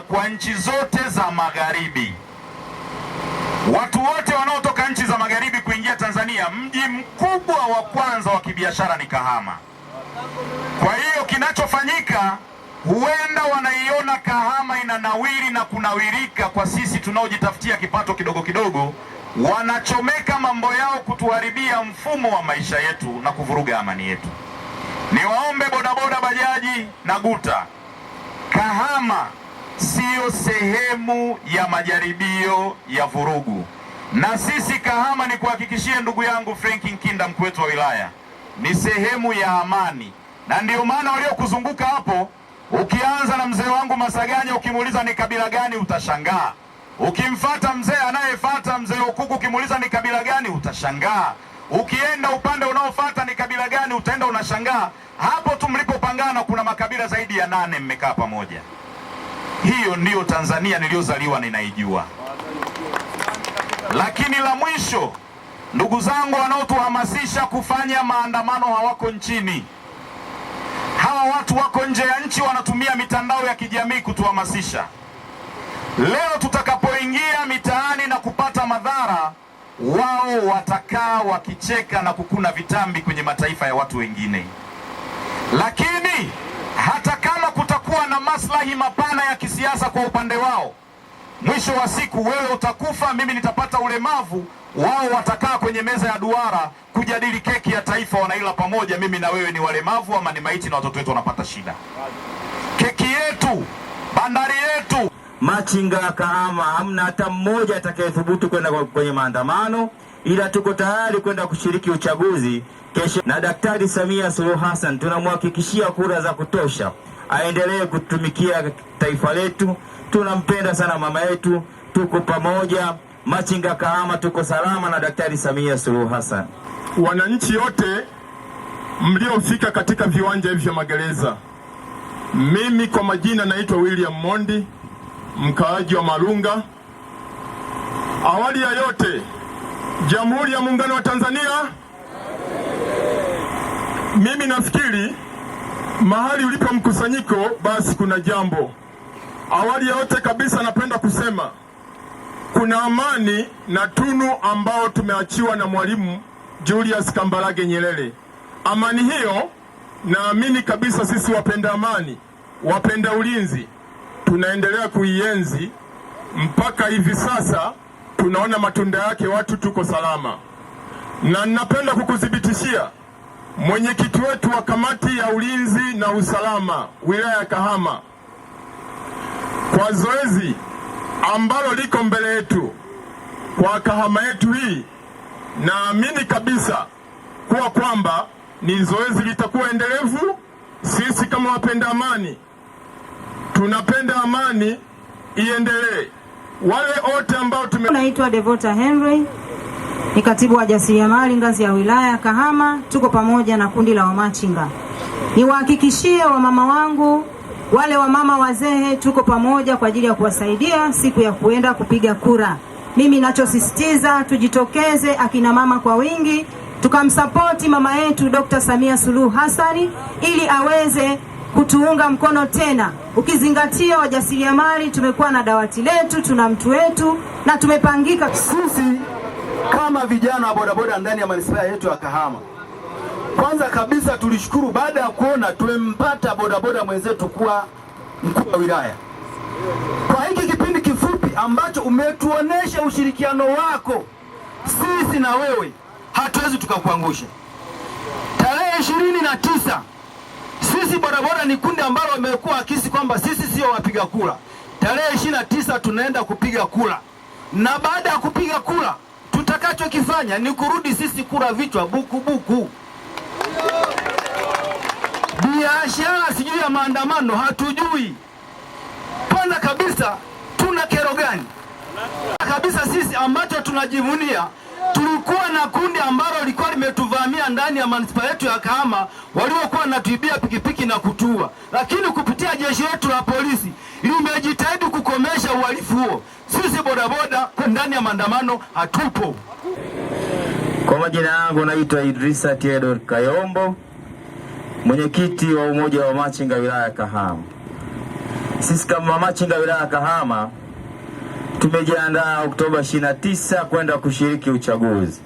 kwa nchi zote za magharibi. Watu wote wanaotoka nchi za magharibi kuingia Tanzania, mji mkubwa wa kwanza wa kibiashara ni Kahama. Kwa hiyo kinachofanyika huenda wanaiona Kahama inanawiri na kunawirika. Kwa sisi tunaojitafutia kipato kidogo kidogo, wanachomeka mambo yao kutuharibia mfumo wa maisha yetu na kuvuruga amani yetu. Niwaombe bodaboda, bajaji na guta Kahama siyo sehemu ya majaribio ya vurugu. Na sisi Kahama, ni kuhakikishia ndugu yangu Frank Nkinda, mkuu wetu wa wilaya, ni sehemu ya amani, na ndiyo maana waliokuzunguka hapo, ukianza na mzee wangu Masaganya, ukimuuliza ni kabila gani, utashangaa. Ukimfata mzee anayefata mzee Ukuku, ukimuuliza ni kabila gani, utashangaa. Ukienda upande unaofata ni kabila gani, utaenda unashangaa. Hapo tu mlipopangana, kuna makabila zaidi ya nane mmekaa pamoja. Hiyo ndiyo Tanzania niliyozaliwa ninaijua. Lakini la mwisho, ndugu zangu, wanaotuhamasisha kufanya maandamano hawako nchini. Hawa watu wako nje ya nchi, wanatumia mitandao ya kijamii kutuhamasisha. Leo tutakapoingia mitaani na kupata madhara, wao watakaa wakicheka na kukuna vitambi kwenye mataifa ya watu wengine, lakini hata na maslahi mapana ya kisiasa kwa upande wao. Mwisho wa siku, wewe utakufa, mimi nitapata ulemavu, wao watakaa kwenye meza ya duara kujadili keki ya taifa, wanaila pamoja, mimi na wewe ni walemavu ama ni maiti, na watoto wetu wanapata shida. Keki yetu, bandari yetu. Machinga Kahama, hamna hata mmoja atakayethubutu kwenda kwenye maandamano, ila tuko tayari kwenda kushiriki uchaguzi kesho. Na Daktari Samia Suluhu Hassan tunamhakikishia kura za kutosha aendelee kutumikia taifa letu. Tunampenda sana mama yetu, tuko pamoja. Machinga Kahama tuko salama na Daktari Samia Suluhu Hassan. Wananchi wote mliofika katika viwanja hivi vya magereza, mimi kwa majina naitwa William Mondi, mkaaji wa Marunga. Awali ya yote, Jamhuri ya Muungano wa Tanzania, mimi nafikiri mahali ulipo mkusanyiko, basi kuna jambo. Awali ya yote kabisa, napenda kusema kuna amani na tunu ambao tumeachiwa na Mwalimu Julius Kambarage Nyerere. Amani hiyo naamini kabisa sisi wapenda amani, wapenda ulinzi tunaendelea kuienzi mpaka hivi sasa tunaona matunda yake, watu tuko salama, na ninapenda kukuthibitishia mwenyekiti wetu wa kamati ya ulinzi na usalama wilaya ya Kahama kwa zoezi ambalo liko mbele yetu kwa Kahama yetu hii, naamini kabisa kuwa kwamba ni zoezi litakuwa endelevu. Sisi kama wapenda amani tunapenda amani iendelee. Wale wote ambao tume... naitwa Devota Henry ni katibu wa jasiriamali ngazi ya wilaya Kahama. Tuko pamoja na kundi la wamachinga. Niwahakikishie wamama wangu wale wamama wazee, tuko pamoja kwa ajili ya kuwasaidia siku ya kuenda kupiga kura. Mimi nachosisitiza tujitokeze akina mama kwa wingi, tukamsapoti mama yetu Dr. Samia Suluhu hasani ili aweze kutuunga mkono tena, ukizingatia wajasiriamali tumekuwa na dawati letu, tuna mtu wetu na tumepangika sisi kama vijana wa bodaboda ndani ya manispaa yetu ya Kahama. Kwanza kabisa tulishukuru baada ya kuona tumempata bodaboda mwenzetu kuwa mkuu wa wilaya. Kwa hiki kipindi kifupi ambacho umetuonesha ushirikiano wako, sisi na wewe hatuwezi tukakuangusha. Tarehe ishirini na tisa sisi bodaboda ni kundi ambalo wamekuwa akisi kwamba sisi sio wapiga kura. Tarehe ishirini na tisa tunaenda kupiga kura, na baada ya kupiga kura watakachokifanya ni kurudi sisi kura vichwa bukubuku, biashara sijui ya maandamano hatujui. Kwanza kabisa tuna kero gani kabisa sisi ambacho tunajivunia? Tulikuwa na kundi ambalo lilikuwa limetuvamia ndani ya manispa yetu ya Kahama, waliokuwa natuibia pikipiki na kutua, lakini kupitia jeshi letu la polisi limejitahidi kukomesha uhalifu huo sisi bodaboda kwa ndani ya maandamano hatupo. Kwa majina yangu naitwa Idrisa Theodor Kayombo, mwenyekiti wa umoja wa machinga wilaya ya Kahama. Sisi kama machinga wilaya ya Kahama tumejiandaa Oktoba 29 kwenda kushiriki uchaguzi.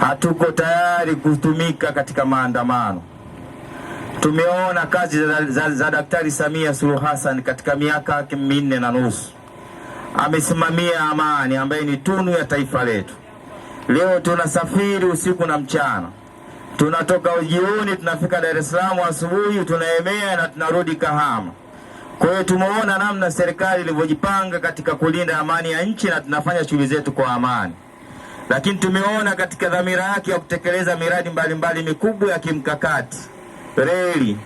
Hatuko tayari kutumika katika maandamano. Tumeona kazi za, za, za Daktari Samia Suluhu Hassan katika miaka minne na nusu amesimamia amani ambaye ni tunu ya taifa letu. Leo tunasafiri usiku na mchana, tunatoka jioni, tunafika Dar es Salaam asubuhi, tunaemea na tunarudi Kahama. Kwa hiyo tumeona namna serikali ilivyojipanga katika kulinda amani ya nchi na tunafanya shughuli zetu kwa amani, lakini tumeona katika dhamira yake ya kutekeleza miradi mbalimbali mikubwa ya kimkakati, reli,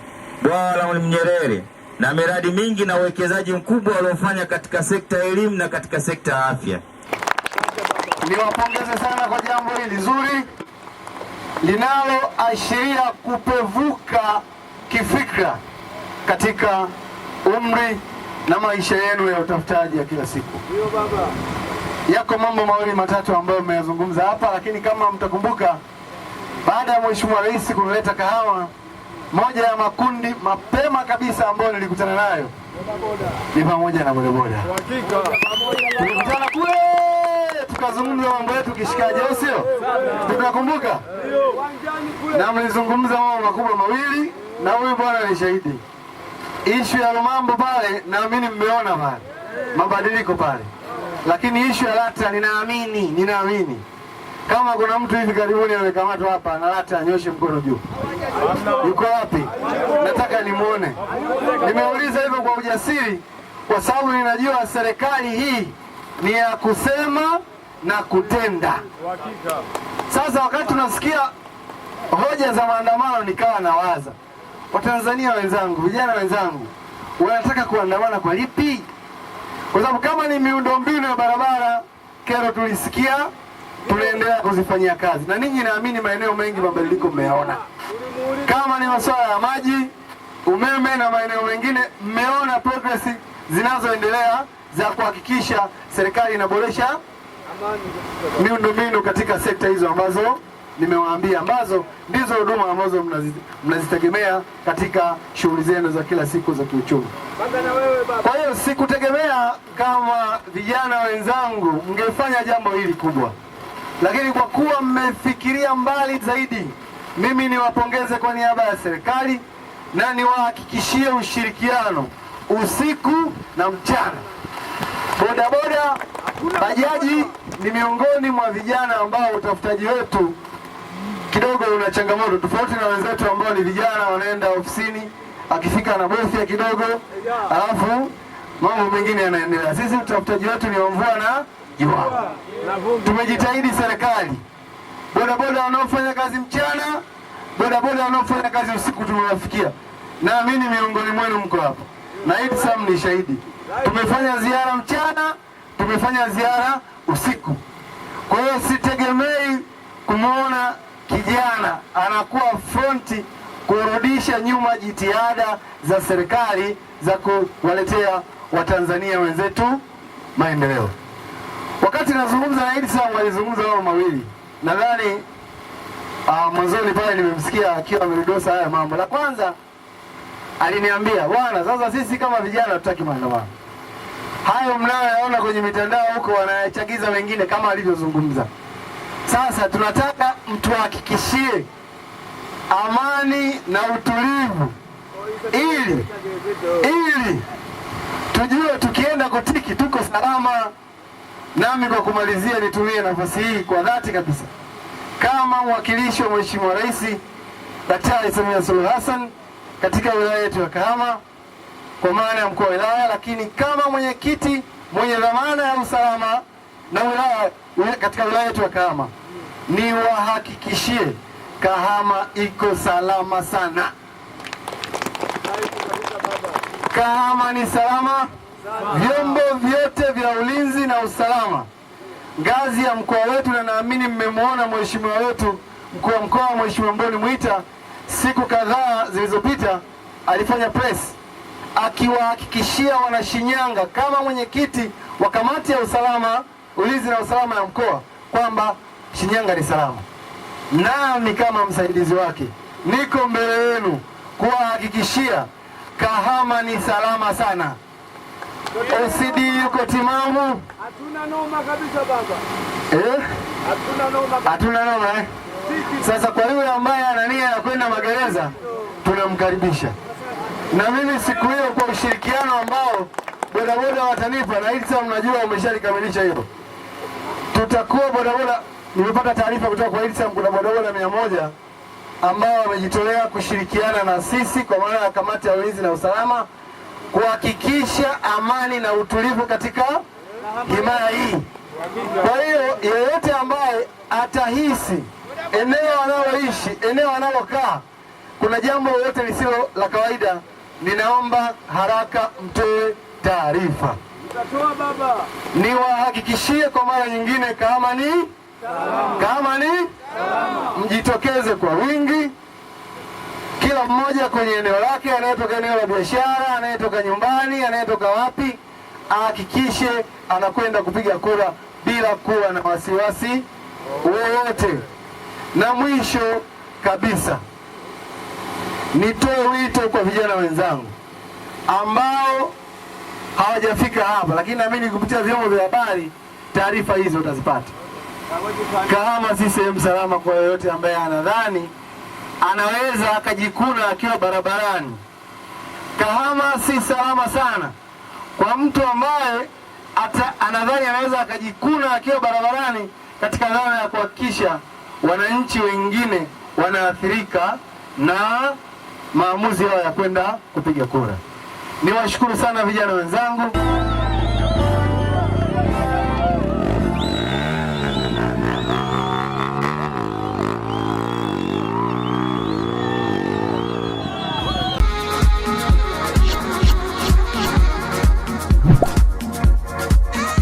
bwawa la Mwalimu Nyerere na miradi mingi na uwekezaji mkubwa waliofanya katika sekta ya elimu na katika sekta ya afya. Niwapongeze sana kwa jambo hili zuri linaloashiria kupevuka kifikra katika umri na maisha yenu ya utafutaji ya kila siku. Yako mambo mawili matatu ambayo mmeyazungumza hapa, lakini kama mtakumbuka, baada ya Mheshimiwa Rais kuleta kahawa moja ya makundi mapema kabisa ambayo nilikutana nayo ni pamoja na bodaboda. Tulikutana kule tukazungumza mambo yetu kishikaji, au sio? Tukakumbuka na mlizungumza mambo makubwa mawili, na huyu bwana ni shahidi. Ishu ya Lumambo pale, naamini mmeona pale mabadiliko pale, lakini ishu ya lata ninaamini, ninaamini kama kuna mtu hivi karibuni amekamatwa hapa analata, anyoshe mkono juu. Yuko wapi? Nataka nimwone. Nimeuliza hivyo kwa ujasiri, kwa sababu ninajua serikali hii ni ya kusema na kutenda. Sasa wakati tunasikia hoja za maandamano, nikawa nawaza Watanzania wenzangu, vijana wenzangu, wanataka kuandamana kwa lipi? Kwa sababu kama ni miundombinu ya barabara, kero tulisikia tunaendelea kuzifanyia kazi, na ninyi naamini maeneo mengi mabadiliko mmeyaona, kama ni masuala ya maji, umeme na maeneo mengine, mmeona progress zinazoendelea za kuhakikisha serikali inaboresha miundombinu katika sekta hizo ambazo nimewaambia, ambazo ndizo huduma ambazo mnazitegemea katika shughuli zenu za kila siku za kiuchumi. Kwa hiyo sikutegemea kama vijana wenzangu mngefanya jambo hili kubwa. Lakini kwa kuwa mmefikiria mbali zaidi, mimi niwapongeze kwa niaba ya serikali na niwahakikishie ushirikiano usiku na mchana. Bodaboda, bajaji ni miongoni mwa vijana ambao utafutaji wetu kidogo una changamoto tofauti na wenzetu ambao ni vijana wanaenda ofisini, akifika na bofya kidogo, alafu mambo mengine yanaendelea. Sisi utafutaji wetu ni wa mvua na jua. Tumejitahidi serikali, bodaboda wanaofanya kazi mchana, bodaboda wanaofanya kazi usiku tumewafikia, naamini miongoni mwenu mko hapa na Ibsam ni shahidi. Tumefanya ziara mchana, tumefanya ziara usiku. Kwa hiyo sitegemei kumwona kijana anakuwa fronti kurudisha nyuma jitihada za serikali za kuwaletea Watanzania wenzetu maendeleo. Wakati nazungumza na Iddi Salam alizungumza mawili, nadhani uh, mwanzoni pale nimemsikia akiwa amelidosa haya mambo. La kwanza aliniambia, bwana, sasa sisi kama vijana tutaki maandamano hayo mnayoyaona kwenye mitandao huko, wanayachagiza wengine kama alivyozungumza. Sasa tunataka mtuhakikishie amani na utulivu, ili ili tujue tukienda kutiki tuko salama. Nami kwa kumalizia, nitumie nafasi hii kwa dhati kabisa kama mwakilishi wa Mheshimiwa Rais Daktari Samia Suluhu Hassan katika wilaya yetu ya Kahama kwa maana ya mkoa wa wilaya, lakini kama mwenyekiti mwenye dhamana ya usalama na wilaya katika wilaya yetu ya Kahama, niwahakikishie Kahama iko salama sana. Kahama ni salama vyombo vyote vya ulinzi na usalama ngazi ya mkoa wetu, na naamini mmemwona mheshimiwa wetu mkuu wa mkoa, Mheshimiwa Mboni Mwita, siku kadhaa zilizopita alifanya press akiwahakikishia Wanashinyanga kama mwenyekiti wa kamati ya usalama ulinzi na usalama ya mkoa kwamba Shinyanga ni salama, nami kama msaidizi wake niko mbele yenu kuwahakikishia Kahama ni salama sana. LCD yuko timamu. Hatuna noma kabisa baba. Eh? Hatuna noma. Hatuna noma eh? Sasa kwa yule ambaye ana nia ya kwenda magereza tunamkaribisha. Na mimi siku hiyo kwa ushirikiano ambao bodaboda watanipa na hili mnajua umeshalikamilisha hilo. Tutakuwa bodaboda nimepata taarifa kutoka kwa Ilisam kuna bodaboda mia moja ambao wamejitolea kushirikiana na sisi kwa maana ya kamati ya ulinzi na usalama kuhakikisha amani na utulivu katika himaya hii. Kwa hiyo yeyote ambaye atahisi eneo analoishi, eneo analokaa kuna jambo lolote lisilo la kawaida, ninaomba haraka mtoe taarifa. Niwahakikishie kwa mara nyingine, kama ni kama ni mjitokeze kwa wingi kila mmoja kwenye eneo lake, anayetoka eneo la biashara, anayetoka nyumbani, anayetoka wapi, ahakikishe anakwenda kupiga kura bila kuwa na wasiwasi wowote. Na mwisho kabisa, nitoe wito kwa vijana wenzangu ambao hawajafika hapa, lakini naamini kupitia vyombo vya habari taarifa hizo utazipata. Kahama si sehemu salama kwa yoyote ambaye anadhani anaweza akajikuna akiwa barabarani. Kahama si salama sana kwa mtu ambaye anadhani anaweza akajikuna akiwa barabarani katika dhana ya kuhakikisha wananchi wengine wanaathirika na maamuzi yao ya kwenda kupiga kura. Niwashukuru sana vijana wenzangu.